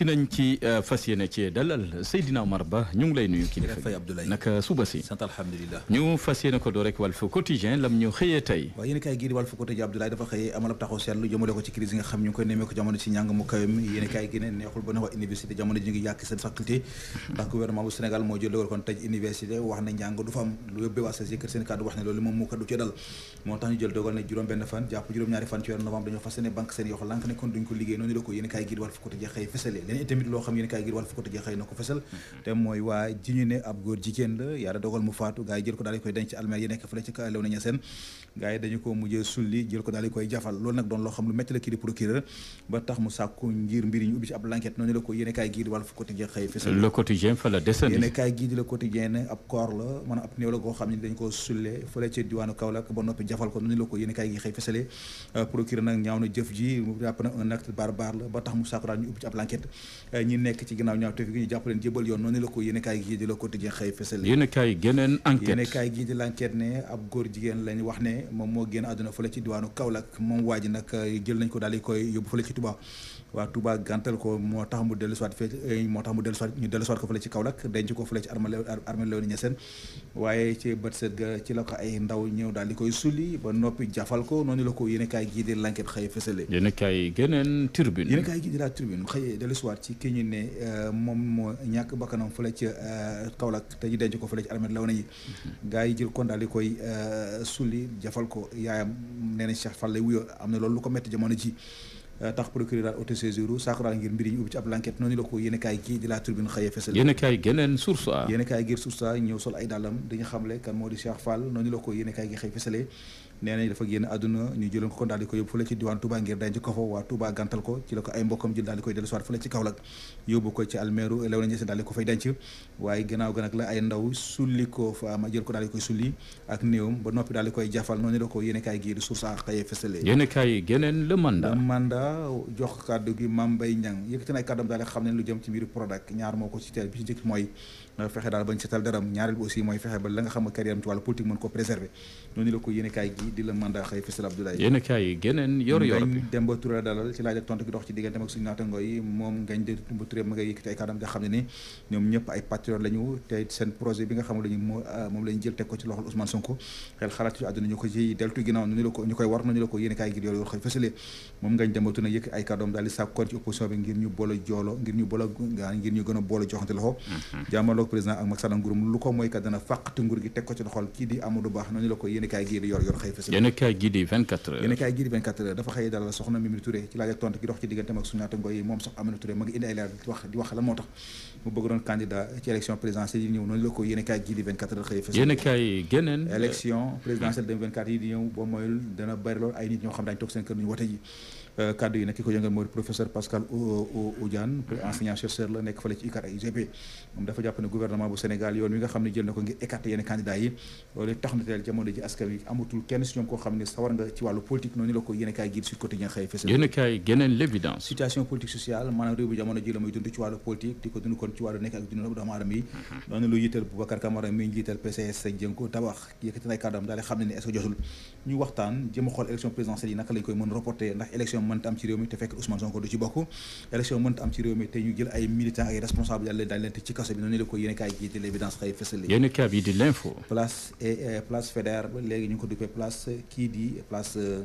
si nañ ci euh, fas yéene cee dalal Seydina Omar Ba ñu lay nuyu kilifa gi naka suba si ñu fas yéene ko doo rek Walf Quotidien lam ñu xëyee tey waaw yéen i kaay gii di Walf xëyee amal i kaay gi ne neexul ba ne waa leneen tamit loo xam yéen kaay ngir war fi ko tëjee xëy na ko fesal te mooy waa ji ñu ne ab la ko daal ab l'enquête la ko yéen ab corps la maanaam xam ne dañ ko sulle fële ci diwaanu Kaolack ba noppi jafal ko noonu la ko yéen kaay gi fesale euh, procureur nag ñaaw na jëf ji jàpp na un acte barbare la ba tax mu sàkku daal ñu ubbi ci ab l'enquête Euh, ñi nekk ci ginnaaw ñaaw tefi gi ñu jàpp leen yoon noonu la ko yéen gii di la quotidien xëy fësal geneen enquête yéen gii di l'enquête ne ab góor moo génn àdduna fële ci diwaanu Kaolack moom waa ji nag euh, jël nañ mu dellu soit fee moo tax mu dellu soit euh, ñu la ko ay di koy ba noppi jafal ko noonu la ko dellusiwaat ci ki ñu ne euh, moom moo ñàkk bakkanam fële ca euh, Kaolack te ñu denc ko fële ci armée Léona yi mhm. gars yi jël kon daal di koy euh, sulli jafal ko yaayam nee na Cheikh Fall lay wuyoo am na loolu lu ko métti jamono ji tax procureur daal auto saisir saako daal ngir mbir ubbi ci ab l'enquête noonu la ko yéen a kaay gii di la turbine xëyee fesal yéen a kaay geneen source a yéen a a ñëw sol ay dàllam dañu xamle kan moo di Cheikh Fall noonu la ko yéen a kaay nee nañ dafa génn àdduna ñu jëloon ko daal di ko yóbbu fële ci diwaan Touba ngir denc ko fa waa Touba gàntal ko ci la ko ay mbokkam jël daal di koy dellu soit ci Kaolack yóbbu ko daal denc ko fa ma jël ba noppi daal di koy jafal noonu la ko yéene kaay gii di source a xëyee fësale yéene kaay geneen le mandat le mandat jox kàddu gi Mame Mbaye ci mbiru ñaar moo ko ci teel euh, mooy fexe daal ba la nga xam ne carrière ci wàllu politique mën ko préserver noonu la ko yéene gi kii di la mandat xëy Fesal Abdoulaye. yéen a kaay geneen yor yor bi Ngagne yi nga xam ne ni ñoom ñëpp ay patriote lañu te seen projet bi nga xam ne lañu ah, moom lañu deltu ginnaaw ñu la ko ñu koy war ko ci opposition bi ngir ñu boole joolo ngir ñu boole ah, ngir ñu gën a boole joxante loxo mm-hmm. jàmmaloog noonu la ko yéen kaay gi yor yor xëy université yéen a kaay gii di 24 heures yéen a gii di 24 heures dafa xëy dalal soxna Mimi Touré ci laaj ak tontu gi dox ci digganteem ak suñu naataango yi moom sax Aminata Touré ma ngi indi ay leer di wax di wax lan moo tax mu bëgg doon candidat ci élection présidentielle yi ñëw noonu la ko yéen gii di 24 heures xëy fës yéen a kaay geneen élection hmm. présidentielle 2024 yi di ñëw boo moyul dana bari lool ay nit ñoo xam Euh, kaddu yi nag ko yëngal mooy professeur Pascal Oudiane enseignant chercheur la nekk fële ci ICAR ak UGB moom dafa jàpp gouvernement bu Sénégal yoon wi nga xam ne jël na ko ngir écarter yenn candidats yi loolu tax na teel jamono ji askan kenn si ñoom nga ko yéen a kaay nekk ak dund mhm. noonu lu yitteel Boubacar Camara mi njiital PCS sa jënko tabax yëkkati nay kàddaam daal xam ne ne est-ce ñu waxtaan jëm a élection présidentielle yi naka lañ élection mënta am ci réew mi te fekk Ousmane Sonko du ci bokk élection mënta am ci réew mi te ñu jël ay militants ay responsables yàlla daal leen te ci kaso bi noonu la ko yéen a kaay gii di l'évidence xëy bi di l'info place et eh, eh, place Faidherbe léegi ñu ngi ko duppee place kii place euh,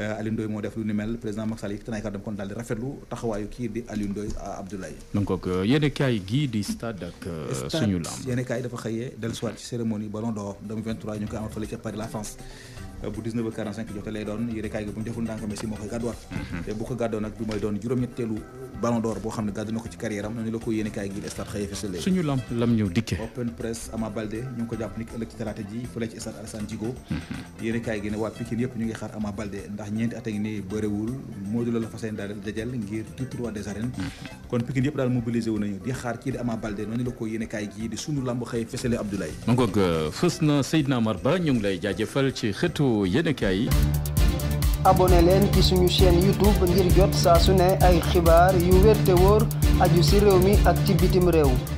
Euh, Aliou Ndoye moo def lu ni mel président Macky Sall yi te nay kàddu kon daal di rafetlu taxawaayu kii di Aliou Ndoye euh, Abdoulaye. donc euh, yéen kaay gii di stade ak. suñu lamb stade kaay dafa xëyee dellusiwaat ci cérémonie Ballon d'Or 2023 ñu ngi koy amal fële ca Paris la France. bu 19 heures 45 jotee lay doon yéen gi bu ñu deful ndànk moo koy gàdduwaat mhm. te bu ko gàddoo nag bi mooy doon juróom-ñetteelu ballon d'or boo xam ne gàddu ko ci carrière noonu la ko yéen gi di stade xëy fësale suñu lam lam ñëw dikkee open press Ama ñu ngi ko jàpp ni ci talaata mhm. a ngi nii bëriwul Modou xëtu yéenekaay yi. abonné leen suñu chaîne YouTube ngir jot saa su ne ay xibaar yu wér te wóor aju ci réew mi ak ci bitim réew.